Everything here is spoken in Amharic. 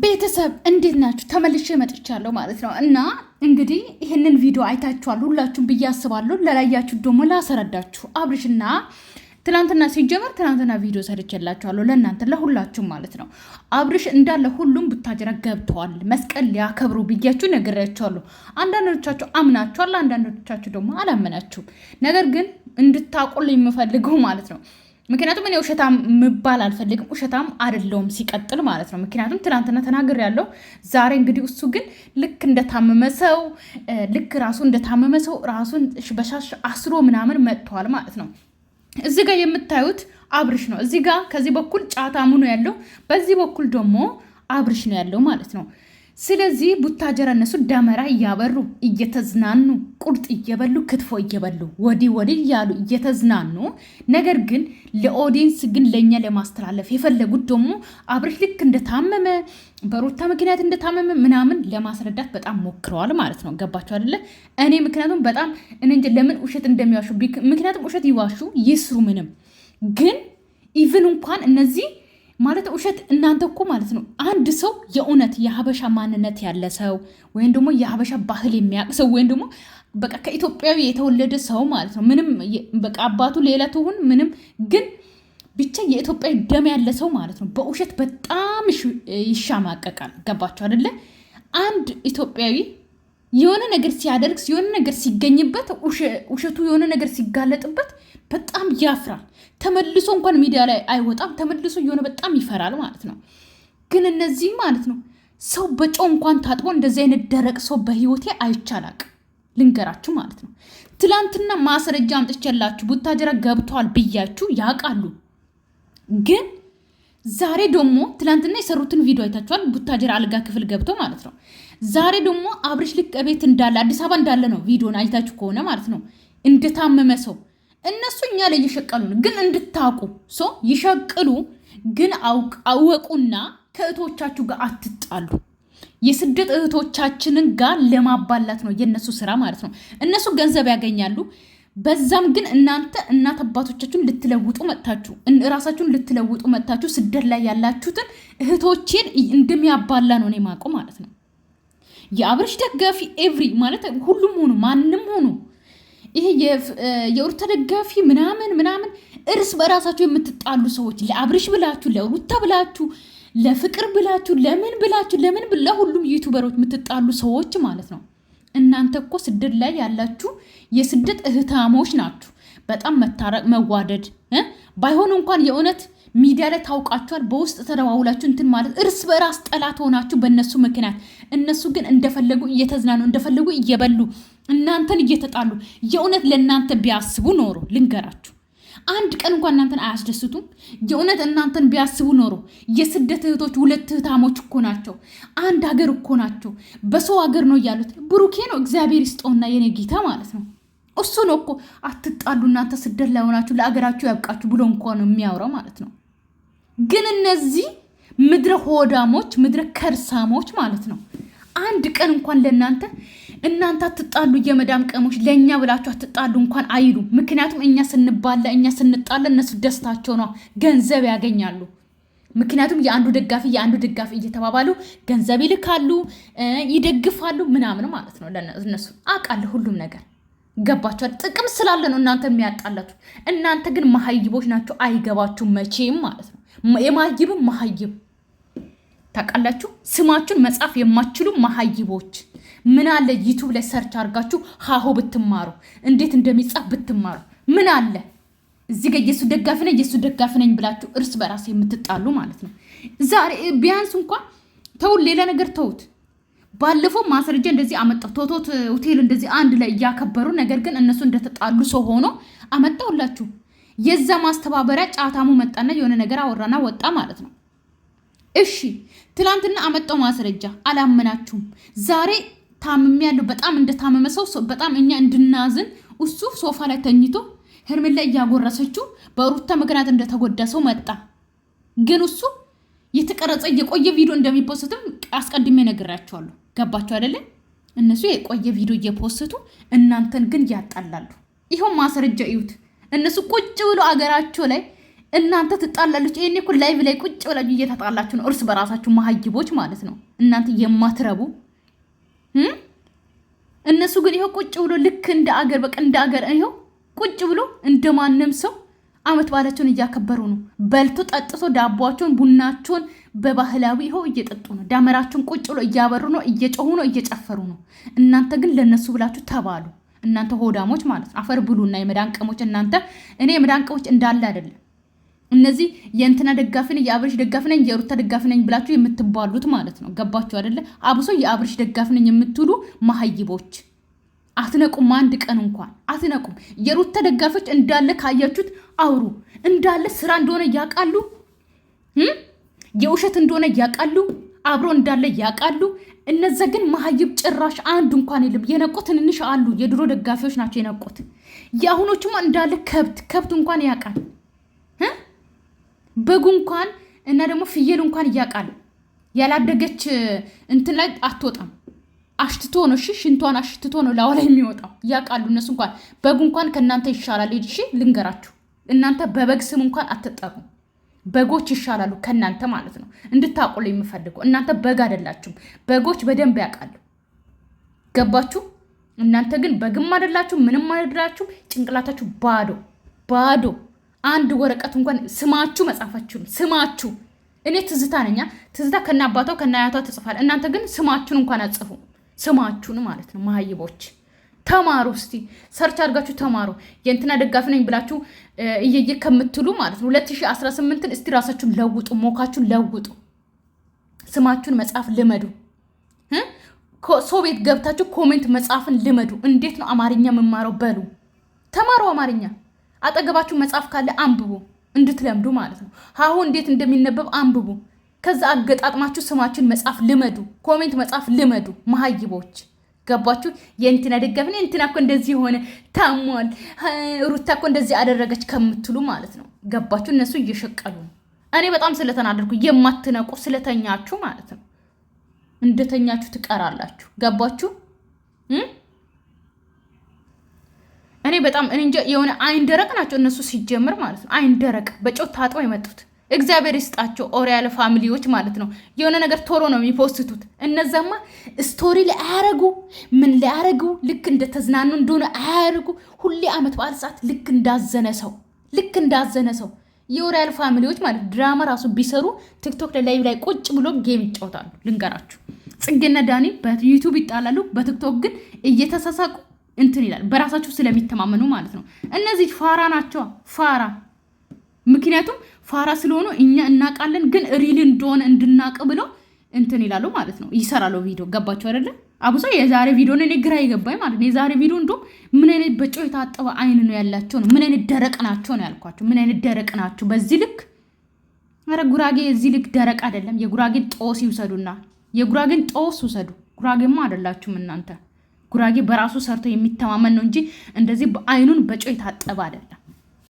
ቤተሰብ እንዴት ናችሁ? ተመልሼ መጥቻለሁ ማለት ነው። እና እንግዲህ ይህንን ቪዲዮ አይታችኋል ሁላችሁም ብዬ አስባለሁ። ለላያችሁ ደግሞ ላሰረዳችሁ አብርሽና ትናንትና ሲጀመር ትናንትና ቪዲዮ ሰርቼላችኋለሁ ለእናንተ ለሁላችሁም ማለት ነው። አብርሽ እንዳለ ሁሉም ቡታጅራ ገብተዋል መስቀል ሊያከብሩ ብያችሁ ነግሬያችኋለሁ። አንዳንዶቻችሁ አምናችኋል፣ አንዳንዶቻችሁ ደግሞ አላመናችሁም። ነገር ግን እንድታቆል የምፈልገው ማለት ነው ምክንያቱም እኔ ውሸታም ምባል አልፈልግም፣ ውሸታም አይደለውም ሲቀጥል ማለት ነው። ምክንያቱም ትናንትና ተናግር ያለው ዛሬ እንግዲህ እሱ ግን ልክ እንደታመመ ሰው ልክ ራሱ እንደታመመ ሰው ራሱን በሻሽ አስሮ ምናምን መጥተዋል ማለት ነው። እዚህ ጋር የምታዩት አብርሽ ነው። እዚህ ጋር ከዚህ በኩል ጫታ ምኑ ያለው፣ በዚህ በኩል ደግሞ አብርሽ ነው ያለው ማለት ነው። ስለዚህ ቡታጀራ እነሱ ደመራ እያበሩ እየተዝናኑ ቁርጥ እየበሉ ክትፎ እየበሉ ወዲህ ወዲህ እያሉ እየተዝናኑ፣ ነገር ግን ለኦዲንስ ግን ለእኛ ለማስተላለፍ የፈለጉት ደግሞ አብርሽ ልክ እንደታመመ በሩታ ምክንያት እንደታመመ ምናምን ለማስረዳት በጣም ሞክረዋል ማለት ነው። ገባቸው አይደለ? እኔ ምክንያቱም በጣም እንጂ ለምን ውሸት እንደሚዋሹ ምክንያቱም ውሸት ይዋሹ ይስሩ ምንም ግን ኢቭን እንኳን እነዚህ ማለት ውሸት እናንተ እኮ ማለት ነው። አንድ ሰው የእውነት የሀበሻ ማንነት ያለ ሰው ወይም ደግሞ የሀበሻ ባህል የሚያውቅ ሰው ወይም ደግሞ በቃ ከኢትዮጵያዊ የተወለደ ሰው ማለት ነው። ምንም በቃ አባቱ ሌላ ትሁን ምንም፣ ግን ብቻ የኢትዮጵያ ደም ያለ ሰው ማለት ነው በውሸት በጣም ይሻማቀቃል። ገባቸው አደለ? አንድ ኢትዮጵያዊ የሆነ ነገር ሲያደርግ የሆነ ነገር ሲገኝበት ውሸቱ የሆነ ነገር ሲጋለጥበት በጣም ያፍራል። ተመልሶ እንኳን ሚዲያ ላይ አይወጣም። ተመልሶ የሆነ በጣም ይፈራል ማለት ነው። ግን እነዚህ ማለት ነው ሰው በጨው እንኳን ታጥቦ እንደዚህ አይነት ደረቅ ሰው በህይወቴ አይቻላቅ ልንገራችሁ ማለት ነው። ትላንትና ማስረጃ አምጥቼላችሁ ቡታጀራ ገብቷል ብያችሁ ያውቃሉ። ግን ዛሬ ደግሞ ትላንትና የሰሩትን ቪዲዮ አይታችኋል። ቡታጀራ አልጋ ክፍል ገብቶ ማለት ነው ዛሬ ደግሞ አብርሽ ልቅ ቤት እንዳለ አዲስ አበባ እንዳለ ነው። ቪዲዮን አይታችሁ ከሆነ ማለት ነው እንደታመመ ሰው እነሱ እኛ ላይ እየሸቀሉ ነው። ግን እንድታውቁ ሶ ይሸቅሉ፣ ግን አወቁና ከእህቶቻችሁ ጋር አትጣሉ። የስደት እህቶቻችንን ጋር ለማባላት ነው የእነሱ ስራ ማለት ነው። እነሱ ገንዘብ ያገኛሉ። በዛም ግን እናንተ እናት አባቶቻችሁን ልትለውጡ መጥታችሁ ራሳችሁን ልትለውጡ መጥታችሁ ስደት ላይ ያላችሁትን እህቶቼን እንደሚያባላ ነው እኔ ማውቀው ማለት ነው። የአብርሽ ደጋፊ ኤቭሪ ማለት ሁሉም ሆኑ ማንም ሆኑ ይሄ የሩታ ደጋፊ ምናምን ምናምን እርስ በራሳችሁ የምትጣሉ ሰዎች ለአብርሽ ብላችሁ ለሩታ ብላችሁ ለፍቅር ብላችሁ ለምን ብላችሁ ለምን ለሁሉም ዩቱበሮች የምትጣሉ ሰዎች ማለት ነው። እናንተ እኮ ስደት ላይ ያላችሁ የስደት እህታሞች ናችሁ። በጣም መታረቅ መዋደድ ባይሆን እንኳን የእውነት ሚዲያ ላይ ታውቃችኋል። በውስጥ ተደዋውላችሁ እንትን ማለት እርስ በራስ ጠላት ሆናችሁ በእነሱ ምክንያት። እነሱ ግን እንደፈለጉ እየተዝናኑ እንደፈለጉ እየበሉ እናንተን እየተጣሉ። የእውነት ለእናንተ ቢያስቡ ኖሮ ልንገራችሁ፣ አንድ ቀን እንኳ እናንተን አያስደስቱም። የእውነት እናንተን ቢያስቡ ኖሮ የስደት እህቶች ሁለት እህታሞች እኮ ናቸው፣ አንድ ሀገር እኮ ናቸው። በሰው ሀገር ነው እያሉት ብሩኬ ነው እግዚአብሔር ይስጠውና የኔ ጌታ ማለት ነው እሱ ነው እኮ አትጣሉ እናንተ ስደት ላይ ሆናችሁ ለአገራችሁ ያብቃችሁ ብሎ ነው የሚያወራው ማለት ነው። ግን እነዚህ ምድረ ሆዳሞች፣ ምድረ ከርሳሞች ማለት ነው አንድ ቀን እንኳን ለእናንተ እናንተ አትጣሉ የመዳም ቀሞች ለእኛ ብላችሁ አትጣሉ እንኳን አይሉ። ምክንያቱም እኛ ስንባለ እኛ ስንጣለ እነሱ ደስታቸው ነው፣ ገንዘብ ያገኛሉ። ምክንያቱም የአንዱ ደጋፊ የአንዱ ደጋፊ እየተባባሉ ገንዘብ ይልካሉ፣ ይደግፋሉ ምናምን ማለት ነው። እነሱ አውቃለሁ ሁሉም ነገር ገባችኋል? ጥቅም ስላለ ነው እናንተ የሚያጣላችሁ። እናንተ ግን መሀይቦች ናቸው፣ አይገባችሁ መቼም ማለት ነው። የማይብም መሀይብ ታውቃላችሁ። ስማችሁን መጻፍ የማችሉ መሀይቦች ምን አለ ዩቱብ ላይ ሰርች አድርጋችሁ ሀሆ ብትማሩ እንዴት እንደሚጻፍ ብትማሩ ምን አለ እዚህ ጋር የእሱ ደጋፊ ነኝ የእሱ ደጋፊ ነኝ ብላችሁ እርስ በራስ የምትጣሉ ማለት ነው። ዛሬ ቢያንስ እንኳን ተውን፣ ሌላ ነገር ተውት። ባለፈው ማስረጃ እንደዚህ አመጣው ቶቶት ሆቴል እንደዚህ አንድ ላይ እያከበሩ ነገር ግን እነሱ እንደተጣሉ ሰው ሆኖ አመጣውላችሁ። የዛ ማስተባበሪያ ጫታሙ መጣና የሆነ ነገር አወራና ወጣ ማለት ነው። እሺ ትላንትና አመጣው ማስረጃ አላመናችሁም። ዛሬ ታምም ያለው በጣም እንደታመመ ሰው በጣም እኛ እንድናዝን እሱ ሶፋ ላይ ተኝቶ ህርምን ላይ እያጎረሰችው በሩታ ምክንያት እንደተጎዳ ሰው መጣ። ግን እሱ የተቀረጸ የቆየ ቪዲዮ እንደሚፖስትም አስቀድሜ ነግራቸዋለሁ። ገባችሁ አይደለም? እነሱ የቆየ ቪዲዮ እየፖስቱ እናንተን ግን ያጣላሉ። ይኸው ማስረጃ እዩት። እነሱ ቁጭ ብሎ አገራቸው ላይ እናንተ ትጣላለች። ይሄኔ እኮ ላይቭ ላይ ቁጭ ብላችሁ እየተጣላችሁ ነው፣ እርስ በራሳችሁ መሀይቦች ማለት ነው። እናንተ የማትረቡ እነሱ ግን ይኸው ቁጭ ብሎ ልክ እንደ አገር በቃ እንደ አገር ይኸው ቁጭ ብሎ ማንም ሰው አመት ባላቸውን እያከበሩ ነው። በልቶ ጠጥቶ ዳቧቸውን ቡናቸውን በባህላዊ ይኸው እየጠጡ ነው። ዳመራቸውን ቁጭ ብሎ እያበሩ ነው፣ እየጮሁ ነው፣ እየጨፈሩ ነው። እናንተ ግን ለነሱ ብላችሁ ተባሉ። እናንተ ሆዳሞች ማለት ነው። አፈር ብሉና የመዳን ቀሞች እናንተ። እኔ የመዳን ቀሞች እንዳለ አይደለም እነዚህ የእንትና ደጋፊ ነኝ የአብርሽ ደጋፊ ነኝ የሩታ ደጋፊ ነኝ ብላችሁ የምትባሉት ማለት ነው። ገባችሁ አይደለ? አብሶ የአብርሽ ደጋፊ ነኝ የምትሉ መሀይቦች አትነቁም። አንድ ቀን እንኳን አትነቁም። የሩት ተደጋፊዎች እንዳለ ካያችሁት አውሩ እንዳለ ስራ እንደሆነ ያውቃሉ፣ የውሸት እንደሆነ ያውቃሉ፣ አብሮ እንዳለ ያውቃሉ። እነዚያ ግን መሀይብ ጭራሽ አንድ እንኳን የለም። የነቁ ትንንሽ አሉ፣ የድሮ ደጋፊዎች ናቸው የነቁት። የአሁኖቹም እንዳለ ከብት ከብት እንኳን ያውቃል፣ በጉ እንኳን እና ደግሞ ፍየል እንኳን እያቃል ያላደገች እንትን ላይ አትወጣም። አሽትቶ ነው እሺ፣ ሽንቷን አሽትቶ ነው ላዋ ላይ የሚወጣው። ያውቃሉ እነሱ እንኳን በግ እንኳን ከእናንተ ይሻላል። ሄድ እሺ፣ ልንገራችሁ፣ እናንተ በበግ ስም እንኳን አትጠሩ። በጎች ይሻላሉ ከእናንተ ማለት ነው። እንድታቆሉ የምፈልገው እናንተ በግ አይደላችሁም። በጎች በደንብ ያውቃሉ። ገባችሁ? እናንተ ግን በግም አይደላችሁ፣ ምንም አይደላችሁም። ጭንቅላታችሁ ባዶ ባዶ። አንድ ወረቀት እንኳን ስማችሁ መጻፋችሁም ስማችሁ። እኔ ትዝታ ነኛ። ትዝታ ከነ አባቷ ከነ አያቷ ትጽፋል። እናንተ ግን ስማችሁን እንኳን አጽፉ። ስማችሁን ማለት ነው መሀይቦች ተማሩ እስቲ ሰርች አድርጋችሁ ተማሩ። የእንትና ደጋፊ ነኝ ብላችሁ እየየ ከምትሉ ማለት ነው 2018ን እስቲ ራሳችሁን ለውጡ፣ ሞካችሁን ለውጡ፣ ስማችሁን መጽሐፍ ልመዱ። ሰው ቤት ገብታችሁ ኮሜንት መጽሐፍን ልመዱ። እንዴት ነው አማርኛ የምማረው በሉ፣ ተማሩ አማርኛ። አጠገባችሁ መጽሐፍ ካለ አንብቡ፣ እንድትለምዱ ማለት ነው። ሀሁ እንዴት እንደሚነበብ አንብቡ። ከዛ አገጣጥማችሁ ስማችን መጻፍ ልመዱ፣ ኮሜንት መጻፍ ልመዱ። መሀይቦች ገባችሁ? የእንትና ደጋፊ እንትና እኮ እንደዚህ የሆነ ታሟል፣ ሩታ እኮ እንደዚህ አደረገች ከምትሉ ማለት ነው። ገባችሁ? እነሱ እየሸቀሉ ነው። እኔ በጣም ስለተናደድኩ የማትነቁ ስለተኛችሁ ማለት ነው። እንደተኛችሁ ትቀራላችሁ። ገባችሁ? እኔ በጣም እኔ እንጃ የሆነ አይን ደረቅ ናቸው እነሱ ሲጀምር ማለት ነው። አይን ደረቅ በጨው ታጥበው የመጡት እግዚአብሔር ይስጣቸው። ኦሪያል ፋሚሊዎች ማለት ነው። የሆነ ነገር ቶሎ ነው የሚፖስቱት። እነዛማ ስቶሪ ላይ ምን ላይ ልክ እንደተዝናኑ እንደሆነ አያረጉ። ሁሌ አመት በዓል ሰዓት ልክ እንዳዘነ ሰው ልክ እንዳዘነ ሰው የኦሪያል ፋሚሊዎች ማለት ድራማ ራሱ ቢሰሩ ቲክቶክ ላይ ላይ ቁጭ ብሎ ጌም ይጫወታሉ። ልንገራችሁ፣ ጽጌና ዳኒ በዩቱብ ይጣላሉ፣ በቲክቶክ ግን እየተሳሳቁ እንትን ይላል። በራሳቸው ስለሚተማመኑ ማለት ነው። እነዚህ ፋራ ናቸው ፋራ ምክንያቱም ፋራ ስለሆኑ እኛ እናውቃለን፣ ግን ሪል እንደሆነ እንድናቅ ብለው እንትን ይላሉ ማለት ነው። ይሰራሉ ቪዲዮ ገባቸው አይደለም? አብሶ የዛሬ ቪዲዮ እኔ ግራ የገባኝ ማለት ነው። የዛሬ ቪዲዮ እንዶ ምን አይነት በጨው የታጠበ አይን ነው ያላቸው ነው። ምን አይነት ደረቅ ናቸው ነው ያልኳቸው። ምን አይነት ደረቅ ናቸው በዚህ ልክ። ኧረ ጉራጌ የዚህ ልክ ደረቅ አይደለም። የጉራጌን ጦስ ይውሰዱና የጉራጌን ጦስ ውሰዱ። ጉራጌማ አይደላችሁም እናንተ። ጉራጌ በራሱ ሰርቶ የሚተማመን ነው እንጂ እንደዚህ በአይኑን በጨው የታጠበ አይደለም።